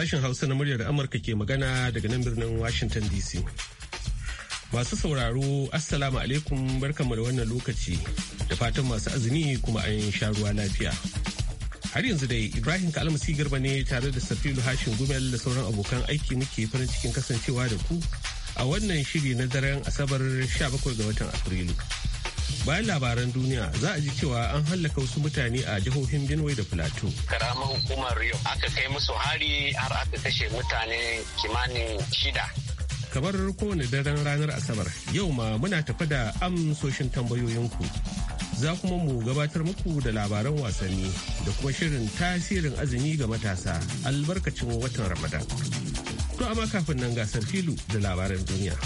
Sashen Hausa na muryar Amurka ke magana daga nan birnin Washington DC. Masu sauraro, Assalamu alaikum barkamu da wannan lokaci da fatan masu azumi kuma an sha ruwa lafiya. Har yanzu dai Ibrahim Kalmasi Garba ne tare da Safilu Hashin Gumel da sauran abokan aiki muke farin cikin kasancewa da ku a wannan shiri na daren Asabar 17 ga watan Afrilu. bayan labaran duniya za a ji cewa an hallaka wasu mutane a jihohin benue da plateau karamar hukumar rio aka kai musu hari har aka kashe mutane kimanin shida kamar kowane daren ranar asabar yau ma muna tafi da amsoshin tambayoyinku za kuma mu gabatar muku da labaran wasanni da kuma shirin tasirin azumi ga matasa albarkacin watan ramadan to amma kafin nan gasar filu da labaran duniya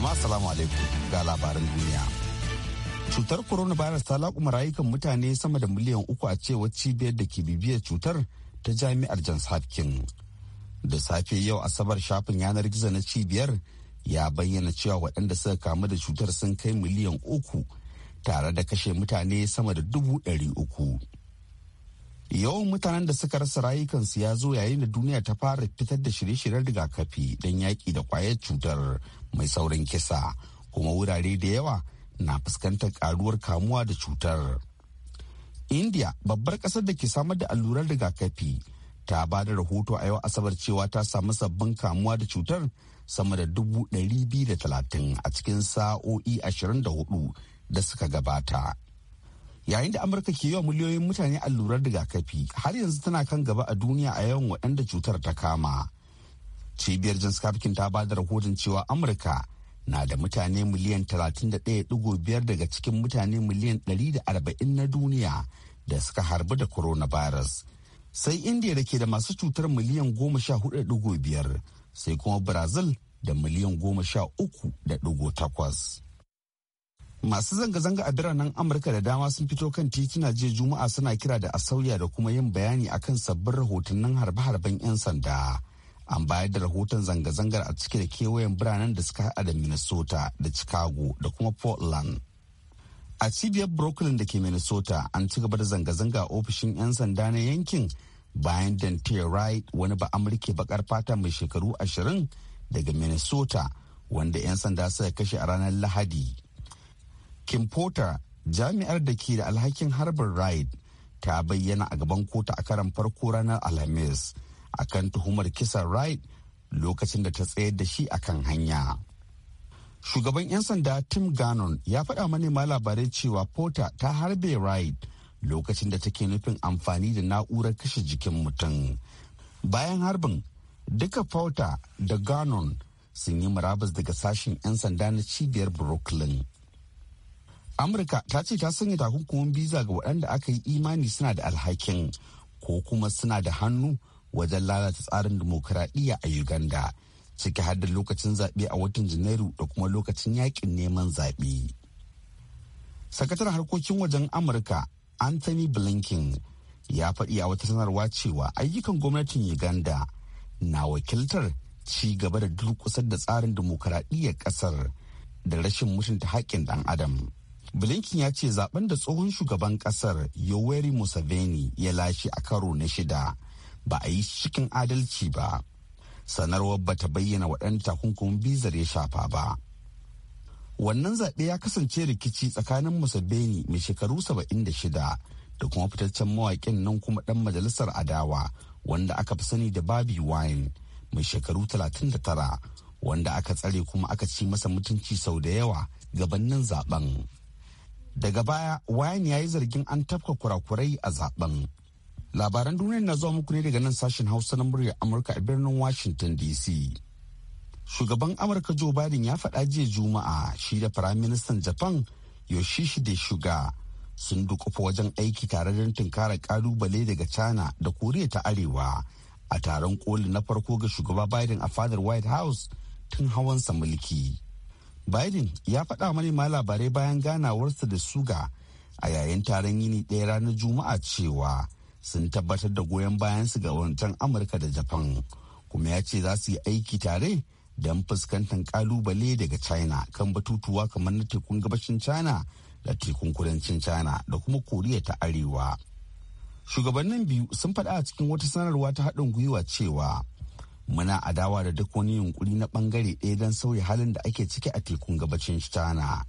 jama'a salamu alaikum ga labaran duniya cutar Corona virus ta laƙuma rayukan mutane sama da miliyan uku a cewar cibiyar da ke bibiyar cutar ta jami'ar johns hopkins da safe yau asabar shafin yanar gizo na cibiyar ya bayyana cewa waɗanda suka kamu da cutar sun kai miliyan uku tare da kashe mutane sama da dubu ɗari uku. yawan mutanen da suka rasa rayukansu ya zo yayin da duniya ta fara fitar da shirye-shiryen rigakafi don yaƙi da kwayar cutar mai saurin kisa kuma wurare da yawa na fuskantar karuwar kamuwa da cutar india babbar ƙasar da ke samar da allurar rigakafi ta ba da rahoto a yau asabar cewa ta samu sabbin kamuwa da cutar sama da dubu ɗari biyu da talatin a cikin sa'o'i ashirin da hudu da suka gabata yayin da amurka ke yawa miliyoyin mutane allurar rigakafi har yanzu tana kan gaba a duniya a yawan waɗanda cutar ta kama cibiyar jins kafkin ta ba da rahoton cewa amurka na da mutane miliyan 31.5 daga cikin mutane miliyan 140 na duniya da suka harbu da coronavirus sai india da ke da masu cutar miliyan 14.5 sai kuma brazil da miliyan 13.8 masu zanga-zanga a biranen amurka da dama sun fito kan tituna jiya juma'a suna kira da asauya da kuma yin bayani akan sabbin rahotannin harbe-harben 'yan sanda an bayar da rahoton zanga-zangar a cike da kewayen biranen da suka haɗa da minnesota da chicago da kuma portland a cibiyar brooklyn da ke minnesota an ci gaba da zanga-zanga ofishin 'yan sanda na yankin bayan dante wright wani ba amurke bakar fata mai shekaru ashirin daga minnesota wanda 'yan sanda suka kashe a ranar lahadi Kim Porter jami'ar da ke da alhakin harbin Ride ta bayyana a gaban kotu a karan farko ranar Alhamis akan tuhumar kisan Ride lokacin da ta tsayar da shi akan hanya. Shugaban 'yan sanda Tim Gannon ya faɗa manema labarai cewa Porter ta harbe Ride lokacin da take nufin amfani da na'urar kashe jikin mutum. Bayan harbin, duka Porter da Gannon sun yi murabus daga sashen 'yan sanda na cibiyar Brooklyn. amurka ta ce ta sanya takunkumin biza ga waɗanda aka yi imani suna da alhakin ko kuma suna da hannu wajen lalata tsarin dimokuraɗiyya a uganda ciki har da lokacin zaɓe a watan janairu da kuma lokacin yakin neman zaɓe sakatar harkokin wajen amurka anthony blinken ya faɗi a wata sanarwa cewa ayyukan gwamnatin uganda na wakiltar ci gaba da durkusar da tsarin dimokuraɗiyyar ƙasar da rashin mutunta haƙƙin ɗan adam blinken ya ce zaben da tsohon shugaban kasar yoweri museveni ya lashe a karo na shida ba a yi cikin adalci ba sanarwar ba ta bayyana waɗanda takunkumin bizar ya shafa ba wannan zaɓe ya kasance rikici tsakanin museveni mai shekaru 76 da kuma fitaccen mawaƙin nan kuma ɗan majalisar adawa wanda aka fi sani da babi wine mai shekaru 39 wanda aka tsare kuma aka ci masa mutunci sau da yawa gabanin zaben. daga baya wayan ya yi zargin an tafka kurakurai a zaben labaran duniyar na zuwa muku ne daga nan sashen hausa na muryar amurka a birnin washington dc shugaban amurka joe biden ya faɗa jiya juma'a shi da firaministan japan yoshihide shuga sun dukufa wajen aiki tare don tunkara kalubale daga china da koriya ta arewa a taron koli na farko ga shugaba biden a fadar white house tun hawansa mulki biden ya faɗa manema labarai bayan ganawarsa da suga a yayin taron yini ɗaya ranar juma'a cewa sun tabbatar da goyon bayan su ga wancan amurka da japan kuma ya ce za su yi aiki tare don fuskantar kalubale daga china kan batutuwa kamar na tekun gabashin china da tekun kudancin china da kuma koriya ta arewa shugabannin biyu sun faɗa a cikin wata sanarwa ta haɗin gwiwa cewa muna adawa da duk wani yunkuri na bangare ɗaya don sauya halin da ake ciki a tekun gabacin china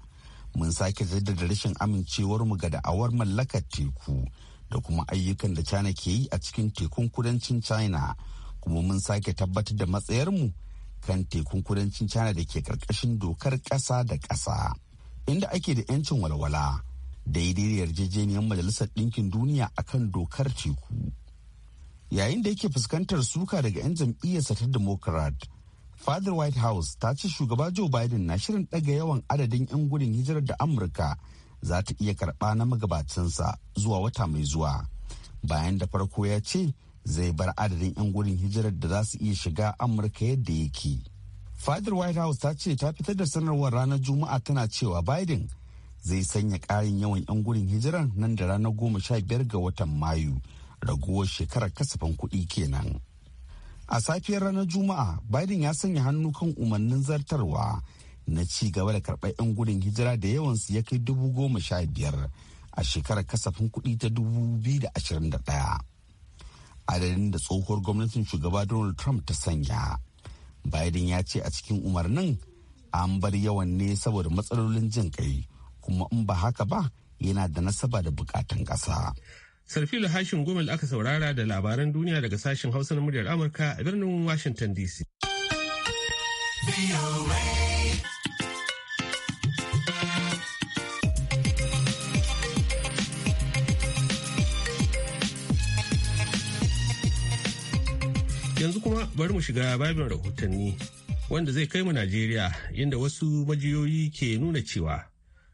mun sake jaddada rashin amincewar mu ga da'awar mallakar teku da kuma ayyukan da china ke yi a cikin tekun kudancin china kuma mun sake tabbatar da matsayarmu kan tekun kudancin china da ke karkashin dokar ƙasa da ƙasa inda ake da 'yancin walwala daidai da yarjejeniyar majalisar ɗinkin duniya akan dokar teku yayin da yake fuskantar suka daga 'yan jam'iyyarsa ta democrat fadar white house ta ce shugaba joe biden na shirin ɗaga yawan adadin 'yan gudun hijirar da amurka za ta iya karɓa na magabacinsa zuwa wata mai zuwa bayan da farko ya ce zai bar adadin 'yan gudun hijirar da za su iya shiga amurka yadda yake fadar white house ta ce ta fitar da sanarwar ranar juma'a tana cewa biden zai sanya ƙarin yawan 'yan gudun hijirar nan da ranar goma sha biyar ga watan mayu raguwar shekarar kasafin kuɗi kenan. A safiyar ranar Juma'a, Biden ya sanya hannu kan umarnin zartarwa na ci gaba da karɓar 'yan gudun hijira da yawansu ya kai dubu goma sha biyar a shekarar kasafin kuɗi ta dubu biyu da ashirin da ɗaya. Adadin da tsohuwar gwamnatin shugaba Donald Trump ta sanya. Biden ya ce a cikin umarnin an bar yawan ne saboda matsalolin jin kai kuma in ba haka ba yana da nasaba da bukatan ƙasa. Sarfilu Hashin gomel aka saurara da labaran duniya daga sashen Hausa na muryar Amurka a birnin Washington DC. Yanzu kuma bari mu shiga babin rahotanni wanda zai kai mu Najeriya inda wasu majiyoyi ke nuna cewa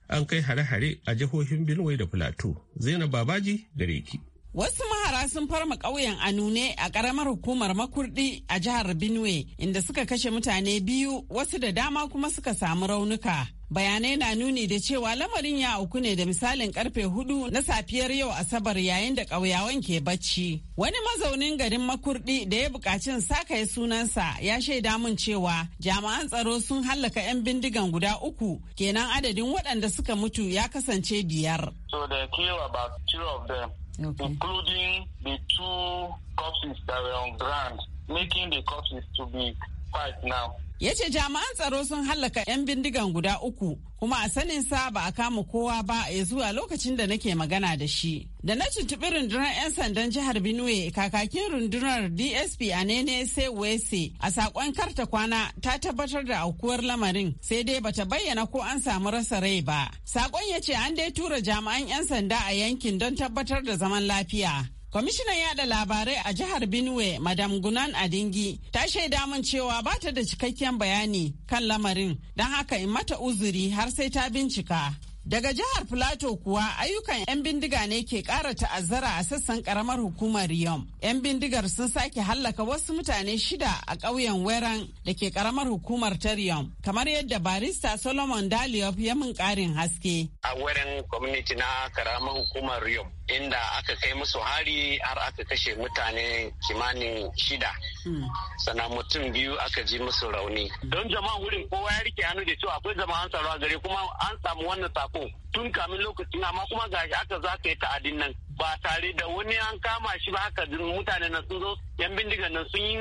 an kai hare-hare a jihohin Benue da Plateau. Zainab Babaji gare ki. Wasu mahara sun farma ƙauyen Anune a ƙaramar hukumar makurdi a jihar Benue inda suka kashe mutane biyu wasu da dama kuma suka samu raunuka. bayanai na nuni da cewa lamarin ya auku ne da misalin karfe hudu na safiyar yau asabar yayin da ƙauyawan ke bacci wani mazaunin garin makurdi da ya buƙaci saka ya sunansa ya shaida mun cewa jami'an tsaro sun hallaka 'yan bindigan guda uku kenan adadin waɗanda suka mutu ya kasance biyar so they kill about two of them okay. including the two corpses that were on ground making the corpses to be five now ya ce jami'an tsaro sun hallaka 'yan bindigan guda uku kuma a sanin sa ba a kama kowa ba ya zuwa lokacin da nake magana da shi da na tuntuɓi rundunar 'yan sandan jihar benue kakakin rundunar dsp a nene wese a sakon karta kwana ta tabbatar da aukuwar lamarin sai dai bata bayyana ko an samu rasa rai ba sakon ya ce an dai tura jami'an 'yan sanda a yankin don tabbatar da zaman lafiya Kwamishinan yada labarai a jihar Benue, Madam Gunan Adingi, ta shaida min cewa ba ta da cikakken bayani kan lamarin, don haka in mata uzuri har sai ta bincika. Daga jihar Filato kuwa ayyukan 'yan bindiga ne ke ƙara ta'azzara a sassan ƙaramar hukumar Riyom. 'Yan bindigar sun sake hallaka wasu mutane shida a ƙauyen Weran da ke ƙaramar hukumar ta Riyom, kamar yadda barista Solomon Daliop ya mun ƙarin haske. A Weran community na ƙaramar hukumar Riyom, inda aka kai musu hari har aka kashe mutane kimanin shida hmm. sana mutum biyu aka ji musu rauni don jama'an wurin kowa ya rike hannu da cewa akwai jama'an tsaro a gari kuma an samu wannan sako tun kamin lokacin amma kuma shi aka za ka yi ta'adin nan ba tare da wani an kama shi ba haka mutane na sun zo yan bindigan nan sun yi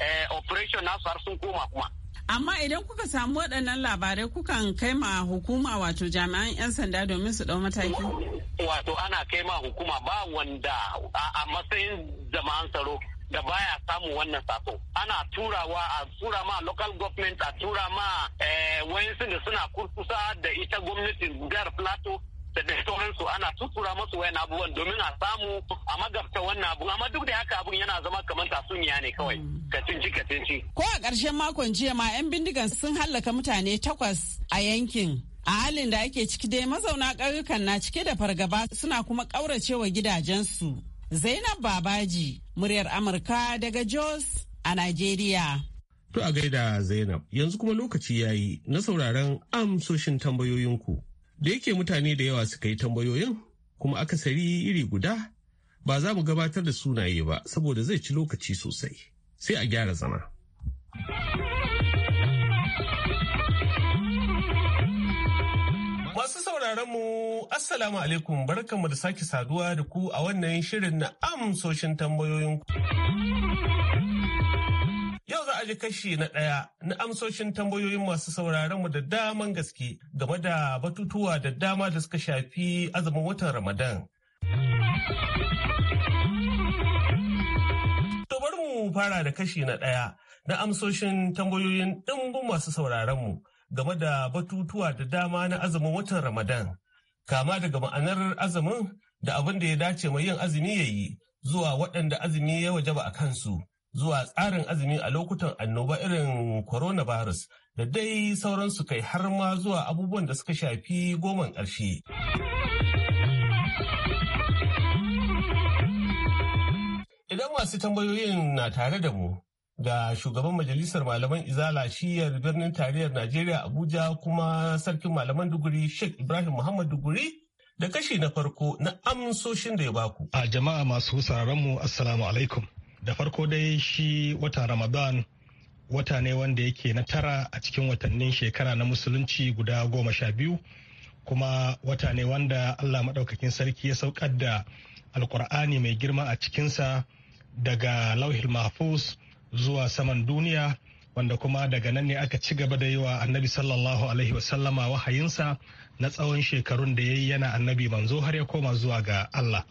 eh, operation nasu har sun koma kuma Amma idan kuka samu waɗannan labarai kukan kai ma hukuma wato jami'an 'yan sanda domin su ɗau mataki? Wato ana kai ma hukuma ba wanda a matsayin jama'an tsaro da baya samu wannan sako ana turawa a tura ma local government a tura ma eh, wayansu da suna kurkusa da ita gwamnatin gudar plateau da da sauransu ana tutura masu wayan abubuwan domin a samu a magabta wannan abu amma duk da haka abun yana zama kamar tasuniya ne kawai mm. katinci katinci. Ko a ƙarshen makon jiya ma 'yan bindigan sun hallaka mutane takwas a yankin. A halin da ake ciki dai mazauna ƙauyukan na cike da fargaba suna kuma ƙauracewa gidajensu. Zainab Babaji, muryar Amurka daga Jos a Najeriya. To a gaida Zainab, yanzu kuma lokaci yayi na sauraron amsoshin tambayoyinku. da yake mutane da yawa suka yi tambayoyin kuma akasari iri guda ba za mu gabatar da sunaye ba saboda zai ci lokaci sosai sai a gyara zama. Masu sauraron mu Assalamu alaikum barkanmu da sake saduwa da ku a wannan shirin na amsoshin tambayoyinku. ji kashi na ɗaya na amsoshin tambayoyin masu sauraron mu da daman gaske game da batutuwa da dama da suka shafi azumin watan Ramadan. To bari mu fara da kashi na ɗaya na amsoshin tambayoyin ɗimbin masu sauraron mu game da batutuwa da dama na azumin watan Ramadan. Kama daga ma'anar azumin da abin da ya dace mai yin azumi ya yi zuwa waɗanda azumi ya wajaba a kansu. zuwa tsarin azumi a lokutan annoba irin coronavirus da dai sauransu kai har ma zuwa abubuwan da suka shafi goman ƙarshe. Idan masu tambayoyin na tare da mu ga shugaban majalisar malaman izala shiyar birnin tarayyar Najeriya Abuja kuma sarkin malaman duguri Sheikh Ibrahim Muhammad duguri da kashi na farko na amsoshin da ya baku. A jama'a masu mu Assalamu alaikum. da farko dai shi watan ramadan wata ne wanda yake na tara a cikin watannin shekara na musulunci guda goma sha biyu kuma wata ne wanda allah maɗaukakin sarki ya saukar da alkur'ani mai girma a cikinsa daga lauhil mahfuz zuwa saman duniya wanda kuma daga nan ne aka ci gaba da yi wa annabi sallallahu alaihi wasallama wahayinsa na tsawon shekarun da ya yi yana annabi manzo har ya koma zuwa ga allah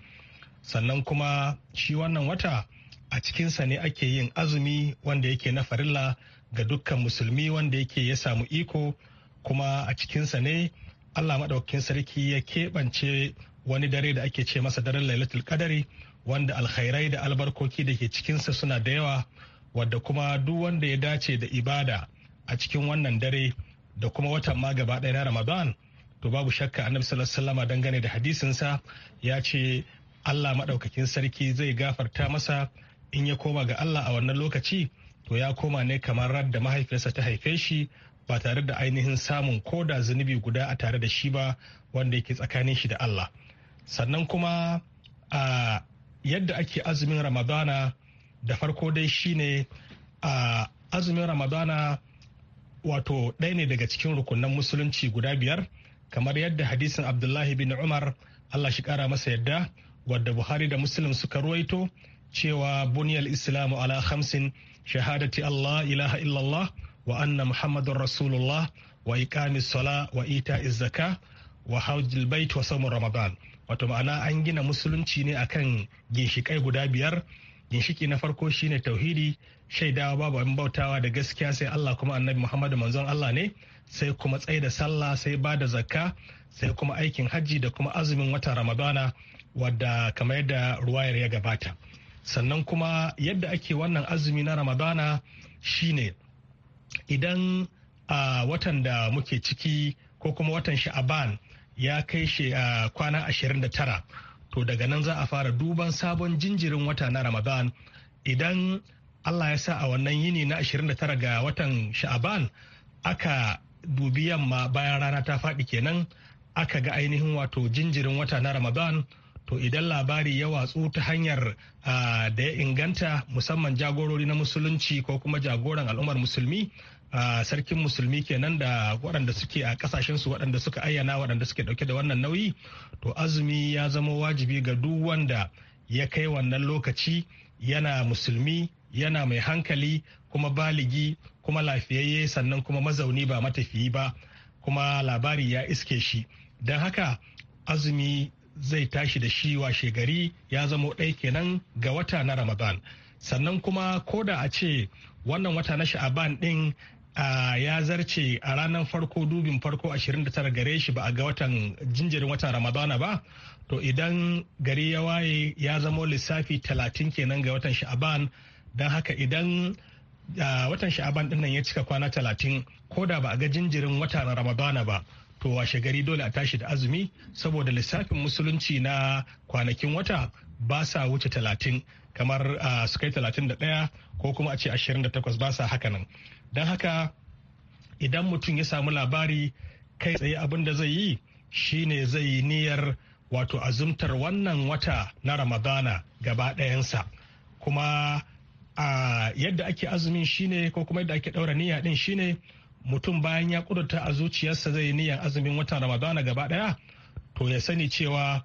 sannan kuma shi wannan wata a cikinsa ne ake yin azumi wanda yake na farilla ga dukkan musulmi wanda yake ya samu iko kuma a cikinsa ne allah maɗaukakin sarki ya keɓance wani dare da ake ce masa daren lailatul kadari wanda alkhairai da albarkoki da ke cikinsa suna da yawa wadda kuma duk wanda ya dace da ibada a cikin wannan dare da kuma watan ma gaba ɗaya na ramadan to babu shakka annabi sallallahu alaihi dangane da hadisinsa ya ce allah maɗaukakin sarki zai gafarta masa in ya koma ga Allah a wannan lokaci to ya koma ne kamar radda mahaifiyarsa ta haife shi ba tare da ainihin samun koda zunubi guda a tare da shi ba wanda yake tsakanin shi da Allah sannan kuma a yadda ake azumin ramadana da farko dai shine a azumin ramadana wato ɗaya ne daga cikin rukunan musulunci guda biyar kamar yadda hadisin abdullahi bin umar allah shi kara masa yadda wadda buhari da muslim suka ruwaito cewa buniyal islamu ala hamsin shahadati Allah ilaha illallah wa anna muhammadun rasulullah wa iqami sala wa ita zaka wa hajjil bait wa saumun ramadan wato ma'ana an gina musulunci ne akan ginshikai guda biyar ginshiki na farko shine tauhidi shaidawa babu abin bautawa da gaskiya sai Allah kuma annabi Muhammadu manzon Allah ne sai kuma tsaye da sallah sai ba da zakka sai kuma aikin hajji da kuma azumin wata ramadana wadda kamar yadda ruwayar ya gabata sannan kuma yadda ake wannan azumi na ramadana shine idan a watan da muke ciki ko kuma watan sha'aban ya kai shi a kwana 29 to daga nan za a fara duban sabon jinjirin wata na ramadan idan allah ya sa a wannan yini na 29 ga watan sha'aban aka dubi yamma bayan rana ta faɗi kenan aka ga ainihin wato jinjirin wata na ramadan to idan labari ya watsu ta hanyar da ya inganta musamman jagorori na musulunci ko kuma jagoran al'ummar musulmi sarkin musulmi kenan da waɗanda suke a ƙasashensu su waɗanda suka ayyana waɗanda suke ɗauke da wannan nauyi to azumi ya zama wajibi ga duk wanda ya kai wannan lokaci yana musulmi yana mai hankali kuma baligi kuma lafiyayye sannan kuma mazauni ba matafiyi ba kuma labari ya iske shi don haka azumi zai tashi da shi washe gari ya zamo ɗai kenan ga wata na ramadan sannan kuma ko da a ce wannan wata na sha'aban ɗin ya zarce a ranar farko dubin farko 29 gare shi ba a ga watan jinjirin watan ramadana ba to idan gari ya waye ya zamo lissafi talatin kenan ga watan sha'aban don haka idan watan sha'aban nan ya cika kwana talatin ko da ba a ga jinjirin watan ramadana ba to washe gari dole a tashi da azumi saboda lissafin musulunci na kwanakin wata ba sa wuce talatin kamar su kai talatin da ɗaya ko kuma a ce ashirin da takwas ba sa haka nan. don haka idan mutum ya samu labari kai tsaye abin da zai yi shine zai yi niyyar wato azumtar wannan wata na ramadana gaba ɗayansa kuma a yadda ake azumin shine ko kuma yadda ake ɗaura niyya ɗin shine mutum bayan ya kudurta a zuciyarsa zai niyan azumin watan ramadana gaba daya to ya sani cewa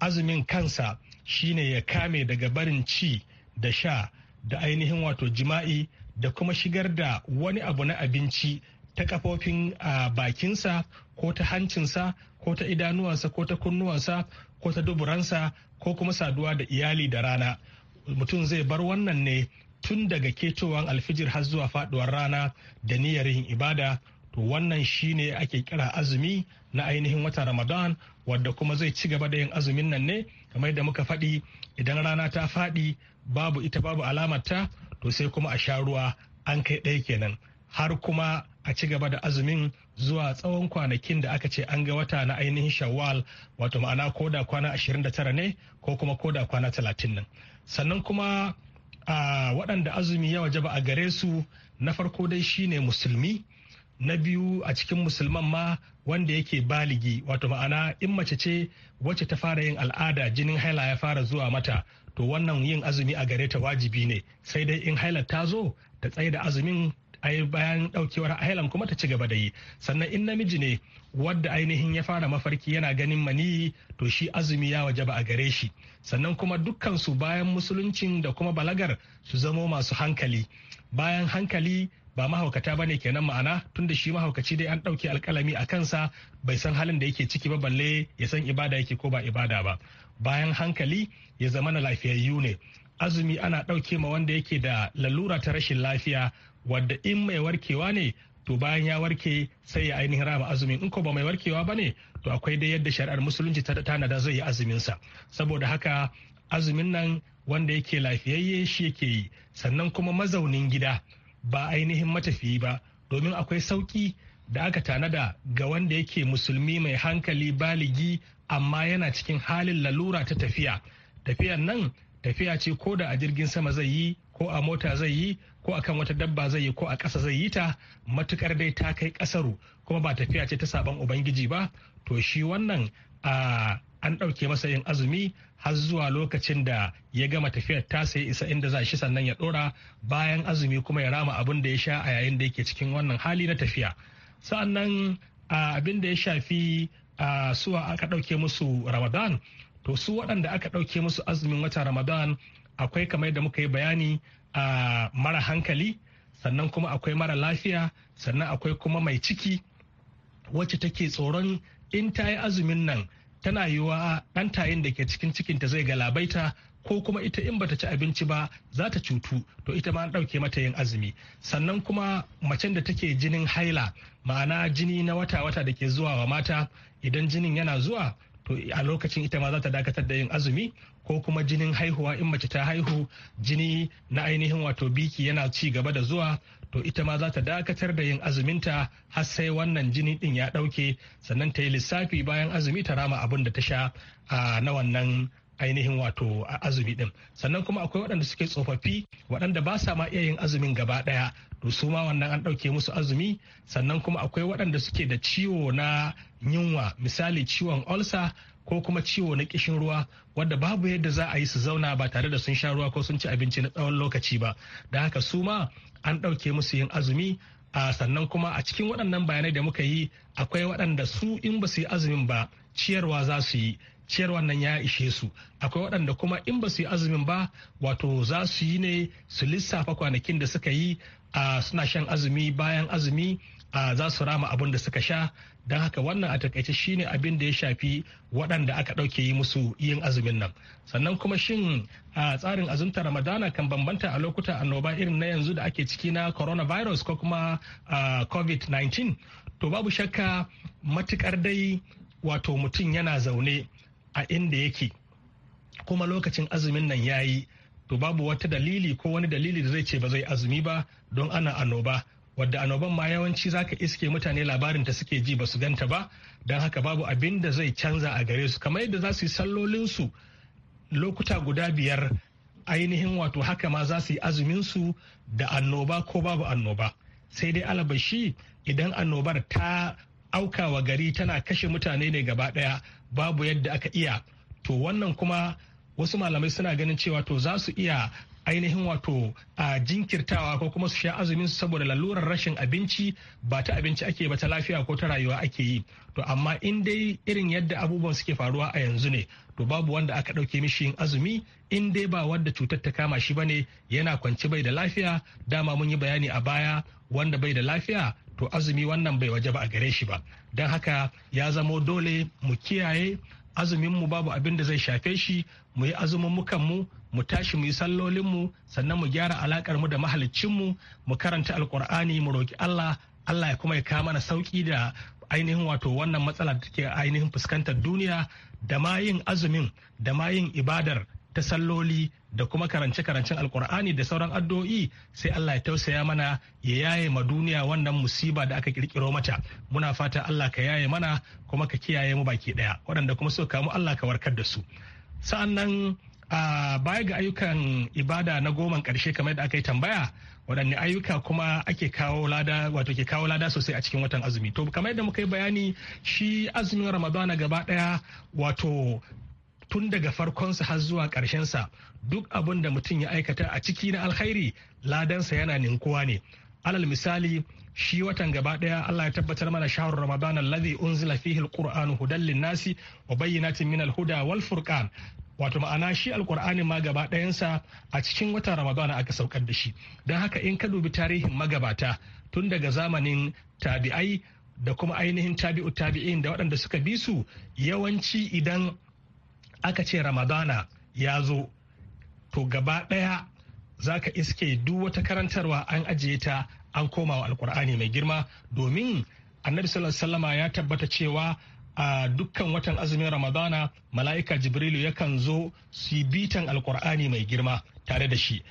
azumin kansa shine ya kame daga barin ci da sha da ainihin wato jima'i da kuma shigar da wani abu na abinci ta kafofin a bakinsa ko ta hancinsa ko ta idanuwansa ko ta kunnuwansa ko ta duburansa ko kuma saduwa da iyali da rana mutum zai bar wannan ne tun daga ketowan alfijir har zuwa faduwar rana da niyyar yin ibada to wannan shine ake kira azumi na ainihin watan ramadan wadda kuma zai ci gaba da yin azumin nan ne kamar yadda muka faɗi idan rana ta faɗi babu ita babu alamarta to sai kuma a sha ruwa an kai ɗaya kenan har kuma a ci gaba da azumin zuwa tsawon kwanakin da aka ce an ga wata na ainihin shawwal wato ma'ana koda kwana 29 ne ko kuma koda kwana 30 nan sannan kuma waɗanda azumi ya wajaba a gare su na farko dai shine musulmi na biyu a cikin musulman ma wanda yake baligi wato ma'ana in mace ce wacce ta fara yin al'ada jinin haila ya fara zuwa mata to wannan yin azumi a gare ta wajibi ne sai dai in haila ta zo ta tsaye da azumin ai bayan daukewar hailan kuma ta ci gaba da yi sannan in namiji ne wadda ainihin ya fara mafarki yana ganin maniyi to shi azumi ya ba a gare shi sannan kuma dukkan su bayan musuluncin da kuma balagar su zamo masu hankali bayan hankali ba mahaukata bane kenan ma'ana tunda shi mahaukaci dai an ɗauki alkalami a kansa bai san halin da yake ciki ba balle ya san ibada yake ko ba ibada ba bayan hankali ya zama na lafiyayyu ne azumi ana ɗauke ma wanda yake da lalura ta rashin lafiya wadda in mai warkewa ne to bayan ya warke sai ya ainihin rama azumi in ko ba mai warkewa ba ne to akwai dai yadda shari'ar musulunci ta tanada zai yi azuminsa saboda haka azumin nan wanda yake lafiyayye shi yake yi sannan kuma mazaunin gida ba ainihin matafiyi ba domin akwai sauki da aka tanada ga wanda yake musulmi mai hankali baligi amma yana cikin halin lalura ta tafiya tafiyan nan tafiya ce ko da a jirgin sama zai yi ko a mota zai yi ko a kan wata dabba zai yi ko a ƙasa zai yi ta matukar dai ta kai ƙasaru kuma ba tafiya ce ta saban ubangiji ba to shi wannan a an ɗauke masa yin azumi har zuwa lokacin da ya gama tafiyar ta sai isa inda za shi sannan ya ɗora bayan azumi kuma ya rama abin da ya sha a yayin da yake cikin wannan hali na tafiya sa'annan abin da ya shafi suwa aka ɗauke musu ramadan to su waɗanda aka ɗauke musu azumin wata ramadan akwai kamar da muka yi bayani a mara hankali sannan kuma akwai mara lafiya sannan akwai kuma mai ciki wacce take tsoron in ta yi azumin nan tana yiwa ɗan tayin da ke cikin cikinta zai galabaita ko kuma ita in bata ci abinci ba za ta cutu to ita ma an ɗauke mata yin azumi sannan kuma macen da take jinin haila ma'ana jini na wata-wata da ke zuwa wa mata idan jinin yana zuwa to a lokacin ita ma za ta dakatar da yin azumi ko kuma jinin haihuwa in mace ta haihu jini na ainihin wato biki yana ci gaba da zuwa to ita ma za ta dakatar da yin azuminta har sai wannan jini din ya dauke sannan ta yi lissafi bayan azumi ta rama abin da ta sha na wannan ainihin wato azumi din sannan kuma akwai waɗanda suke tsofaffi waɗanda ba sa ma iya yin azumin gaba ɗaya to su ma wannan an ɗauke musu azumi sannan kuma akwai waɗanda suke da ciwo na yunwa misali ciwon olsa ko kuma ciwo na kishin ruwa wadda babu yadda za a yi su zauna ba tare da sun sha ruwa ko sun ci abinci na tsawon lokaci ba da haka su ma an ɗauke musu yin azumi a sannan kuma a cikin waɗannan bayanai da muka yi akwai waɗanda su in ba su yi azumin ba ciyarwa za su yi ciyar wannan ya ishe su akwai waɗanda kuma in ba su yi azumin ba wato za su yi ne su lissafa kwanakin da suka yi a suna shan azumi bayan azumi a za su rama abin da suka sha don haka wannan a takaice shine abin da ya shafi waɗanda aka ɗauke yi musu yin azumin nan sannan kuma shin a tsarin azumta ramadana kan bambanta a lokuta annoba irin na yanzu da ake ciki na coronavirus ko kuma covid-19 to babu shakka matukar dai wato mutum yana zaune a inda yake kuma lokacin azumin nan ya yi to babu wata dalili ko wani dalili da zai ce ba zai azumi ba don ana annoba wadda annoban ma yawanci zaka iske mutane labarin ta suke ji ba su ganta ba don haka babu abin da zai canza a gare su kamar yadda za su yi sallolinsu lokuta guda biyar ainihin wato haka ma za su yi azuminsu da annoba ko babu annoba sai dai alabashi idan annobar ta auka wa gari tana kashe mutane ne gaba daya babu yadda aka iya to wannan kuma wasu malamai suna ganin cewa to za su iya ainihin wato a jinkirtawa ko kuma su sha azumin su saboda lalurar rashin abinci ba ta abinci ake ba ta lafiya ko ta rayuwa ake yi to amma in dai irin yadda abubuwan suke faruwa a yanzu ne to babu wanda aka ɗauke mishi yin azumi in dai ba wanda cutar ta kama shi bane yana kwance bai da lafiya dama mun yi bayani a baya wanda bai da lafiya to azumi wannan bai waje ba a gare shi ba don haka ya zamo dole mu kiyaye azumin mu babu abin da zai shafe shi mu yi azumin mu mu tashi mu yi sallolinmu sannan mu gyara alakar mu da mahaliccinmu mu karanta alkur'ani mu roki Allah Allah ya kuma ya kawo mana sauki da ainihin wato wannan matsala da take ainihin fuskantar duniya da ma yin azumin da ma yin ibadar ta salloli da kuma karance-karancen alkur'ani da sauran addu'o'i sai Allah ya tausaya mana ya yaye ma duniya wannan musiba da aka kirkiro mata muna fata Allah ka yaye mana kuma ka kiyaye mu baki daya waɗanda kuma suka kamu Allah ka warkar da su sa'annan a baya ga ayyukan ibada na goman ƙarshe kamar da aka yi tambaya waɗanne ayyuka kuma ake kawo lada wato ke kawo lada sosai a cikin watan azumi to kamar yadda muka yi bayani shi azumin ramadana gaba ɗaya wato tun daga farkonsa har zuwa sa duk abin da mutum ya aikata a ciki na alkhairi ladansa yana ninkuwa ne alal misali shi watan gaba daya Allah ya tabbatar mana shahrur ramadan alladhi unzila fihi alquran hudan linnasi wa bayyinatin min alhuda wal furqan wato ma'ana shi alkur'ani ma gaba ɗayansa a cikin watan ramadan aka saukar da shi dan haka in ka dubi tarihin magabata tun daga zamanin tabi'ai da kuma ainihin tabi'u tabi'in da waɗanda suka bi su yawanci idan aka ce ramadana ya zo to gaba ɗaya za ka iske duk wata karantarwa an ajiye ta an koma wa alkur'ani mai girma domin annabi sallama ya tabbata cewa a dukkan watan azumin ramadana mala'ika jibrilu yakan zo su bitan alkur'ani mai girma tare da shi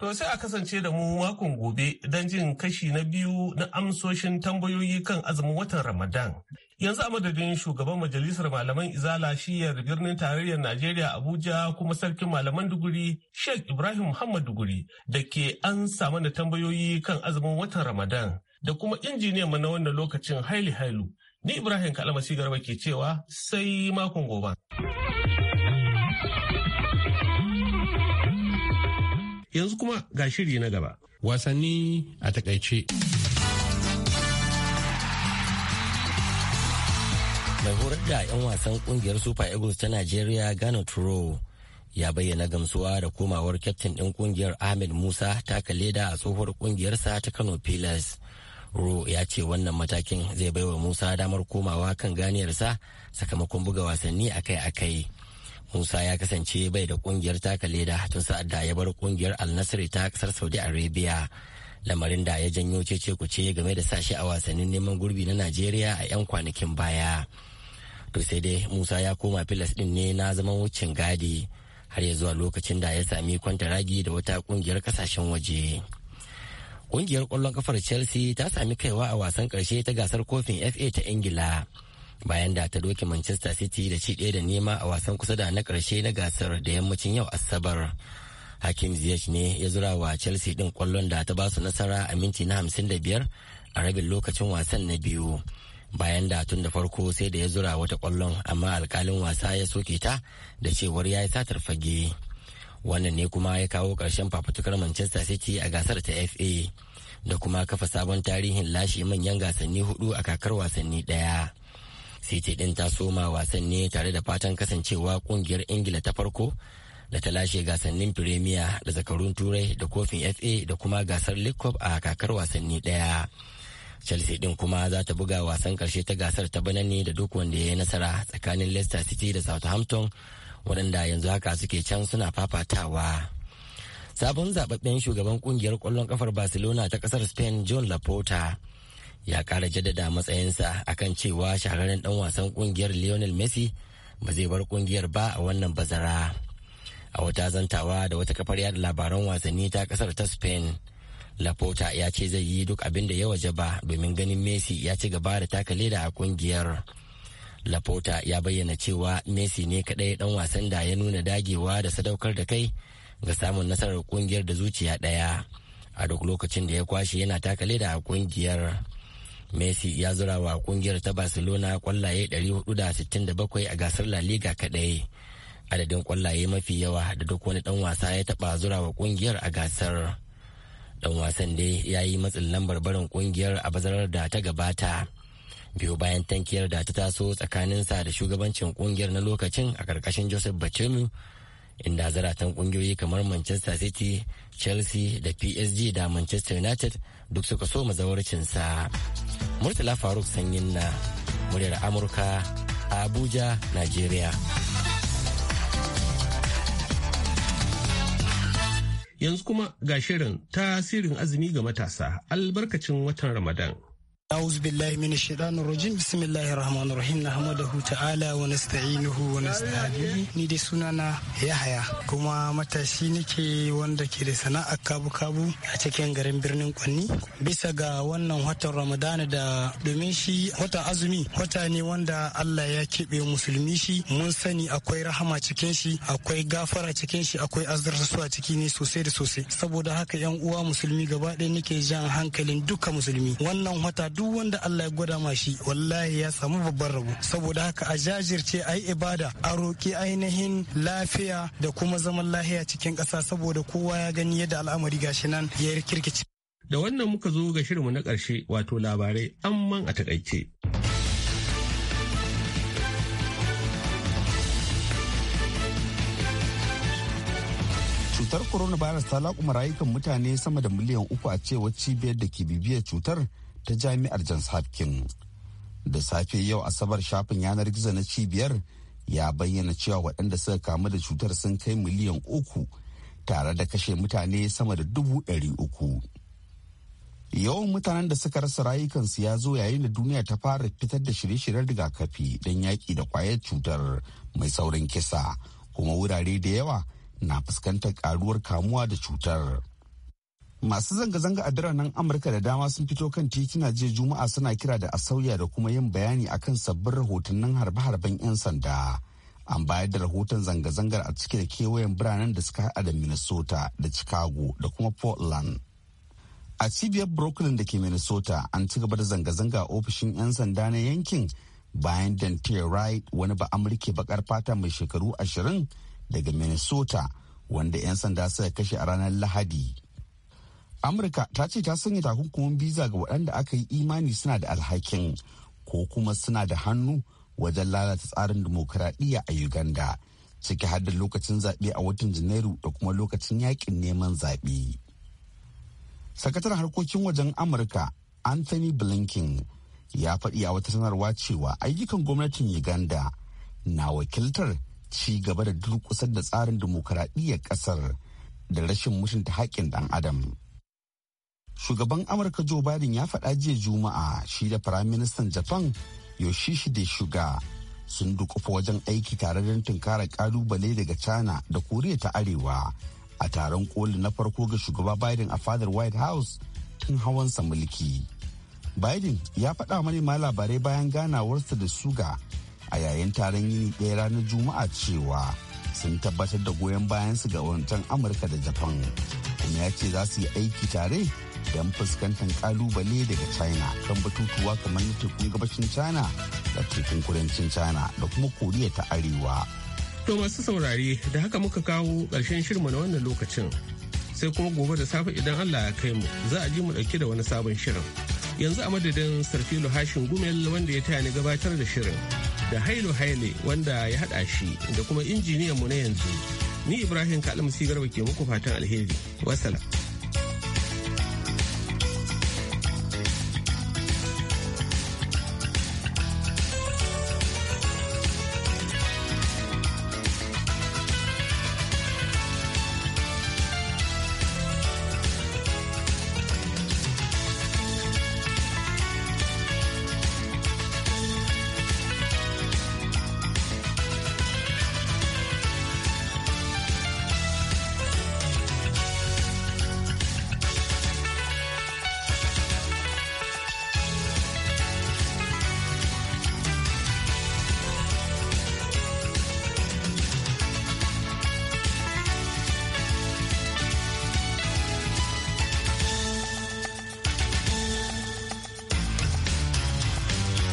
To sai a kasance da mu makon gobe don jin kashi na biyu na amsoshin tambayoyi kan azumin watan Ramadan. Yanzu a madadin shugaban majalisar malaman izala shiyar birnin tarayyar Najeriya Abuja kuma sarkin malaman duguri Sheikh Ibrahim Muhammad duguri da ke an samu da tambayoyi kan azumin watan Ramadan da kuma injiniyan mu na wannan lokacin Haili Hailu. Ni Ibrahim kalama Garba ke cewa sai makon gobe. Yanzu kuma ga shiri na gaba. Wasanni a takaice. mai horar da 'yan wasan kungiyar super eagles ta nigeria gano turo ya bayyana gamsuwa da komawar kyaftin ɗin kungiyar ahmed musa taka leda a tsohuwar kungiyarsa ta kano pillars ro ya ce wannan matakin zai baiwa musa damar komawa kan sa sakamakon buga wasanni akai-akai musa ya kasance bai da kungiyar taka leda tun sa'ad da ya bar kungiyar alnasri ta kasar saudi arabia lamarin da ya janyo cece kuce game da sashi a wasannin neman gurbi na najeriya a 'yan kwanakin baya. to sai dai musa ya koma filas din ne na zaman wucin gadi har ya zuwa lokacin da ya sami kwantaragi da wata kungiyar kasashen waje kungiyar kwallon kafar chelsea ta sami kaiwa a wasan karshe ta gasar kofin fa ta ingila bayan da ta doke manchester city da ci ɗaya da nema a wasan kusa da na karshe na gasar da yammacin yau asabar hakim ziyech ne ya zura wa chelsea din kwallon da ta basu nasara a minti na 55 a rabin lokacin wasan na biyu bayan da tun da farko sai da ya zura wata kwallon amma alkalin wasa ya soke ta da cewar ya yi satar fage wannan ne kuma ya kawo ƙarshen fafutukar manchester city a gasar ta fa da kuma kafa sabon tarihin lashe manyan gasanni hudu a kakar wasanni daya city din ta soma wasanni tare da fatan kasancewa kungiyar ingila ta farko da ta lashe gasannin premier da zakarun turai da kofin fa da kuma gasar league cup a kakar wasanni daya chelsea din kuma za ta buga wasan karshe ta gasar ta bana ne da duk wanda ya yi nasara tsakanin leicester city da southampton waɗanda yanzu haka suke can suna fafatawa sabon zababben shugaban ƙungiyar ƙwallon ƙafar barcelona ta ƙasar spain john laporta ya ƙara jaddada matsayinsa kan cewa shahararren ɗan wasan ƙungiyar lionel messi ba zai bar ƙungiyar ba a wannan bazara a wata zantawa da wata kafar yada labaran wasanni ta ƙasar ta spain Laporta ya ce zai yi duk abin da ya waje ba domin ganin Messi ya ci gaba da taka leda a kungiyar. Laporta ya bayyana cewa Messi ne kadai dan wasan da ya nuna dagewa da sadaukar da kai ga samun nasarar kungiyar da zuciya ɗaya. A duk lokacin da ya kwashe yana taka leda a kungiyar. Messi ya zura wa kungiyar ta Barcelona kwallaye 467 a gasar La Liga kaɗai. Adadin kwallaye mafi yawa da duk wani dan wasa ya taba zura wa kungiyar a gasar. dan wasan dai ya yi matsin lambar barin kungiyar a bazarar da ta gabata biyu bayan tankiyar da ta taso sa da shugabancin kungiyar na lokacin a karkashin joseph bacemu inda zaratan kungiyoyi kamar manchester city chelsea da psg da manchester united duk suka so mazawarcinsa murtala faruk sanyin na muryar amurka a abuja nigeria Yanzu kuma ga shirin tasirin azumi ga matasa albarkacin watan Ramadan. أعوذ بالله من الشيطان الرجيم بسم الله الرحمن الرحيم نحمده تعالى ونستعينه ونستهديه ni da sunana Yahaya kuma matashi nake wanda ke da sana'a kabu-kabu a cikin garin birnin Kwanni bisa ga wannan watan Ramadana da domin shi watan azumi wata ne wanda Allah ya keɓe musulmi shi mun sani akwai rahama cikin shi akwai gafara cikin shi akwai azdarsuwa ciki ne sosai da sosai saboda haka yan uwa musulmi gaba ɗaya nake jan hankalin duka musulmi wannan wata duk wanda Allah ya gwada ma shi wallahi ya samu babban rabo saboda haka a jajirce a yi ibada a roƙi ainihin lafiya da kuma zaman lahiya cikin ƙasa saboda kowa ya gani yadda al'amari gashi nan ya kirkici Da wannan muka zo ga shirinmu na ƙarshe wato labarai amman a taƙaice. cutar coronavirus ta laƙuma rayukan mutane sama da miliyan uku a cewar cibiyar da ke bibiyar cutar ta jami'ar Johns Hopkins. Da safe yau Asabar shafin yanar gizo na cibiyar ya bayyana cewa waɗanda suka kamu da cutar sun kai miliyan uku tare da kashe mutane sama da dubu ɗari uku. Yawan mutanen da suka rasa rayukansu ya zo yayin da duniya ta fara fitar da shirye-shiryen rigakafi don yaƙi da ƙwayar cutar mai saurin kisa kuma wurare da yawa na fuskantar ƙaruwar kamuwa da cutar. masu zanga-zanga a biranen amurka da dama sun fito kan titina jiya juma'a suna kira da a sauya da kuma yin bayani akan sabbin rahotannin harbe-harben 'yan sanda an bayar da rahoton zanga-zangar a cike da kewayen biranen da suka haɗa da minnesota da chicago da kuma portland a cibiyar brooklyn da ke minnesota an ci gaba da zanga-zanga ofishin 'yan sanda na yankin bayan dante wright wani ba amurke bakar fata mai shekaru ashirin daga minnesota wanda 'yan sanda suka kashe a ranar lahadi amurka ta ce ta sanya takunkumin biza ga waɗanda aka yi imani suna da alhakin ko kuma suna da hannu wajen lalata tsarin dimokuraɗiyya a uganda ciki har lokacin zaɓe a watan janairu da kuma lokacin yakin neman zaɓe sakataren harkokin wajen amurka anthony blinken ya faɗi a wata sanarwa cewa ayyukan gwamnatin uganda na wakiltar ci gaba da durƙusar da tsarin dimokuraɗiyyar ƙasar da rashin mutunta haƙƙin ɗan adam. shugaban amurka joe biden ya faɗa jiya juma'a shi da firaministan japan yoshihide shuga sun dukufa wajen aiki tare don tunkarar kalubale daga china da koriya ta arewa a taron koli na farko ga shugaba biden a fadar white house tun hawansa mulki biden ya faɗa manema labarai bayan ganawarsa da suga a yayin taron yini ɗaya ranar juma'a cewa sun tabbatar da goyon bayansu ga wancan amurka da japan kuma ya ce za su yi aiki tare don fuskantar kalubale daga china kan batutuwa kamar na tekun gabashin china da tekun kudancin china da kuma koriya ta arewa to masu saurare da haka muka kawo ƙarshen shirma na wannan lokacin sai kuma gobe da safe idan allah ya kai mu za a ji mu ɗauke da wani sabon shirin yanzu a madadin sarfilo hashin gumel wanda ya taya ni gabatar da shirin da hailo haile wanda ya haɗa shi da kuma injiniyan mu na yanzu ni ibrahim kalamsi garba ke muku fatan alheri wasala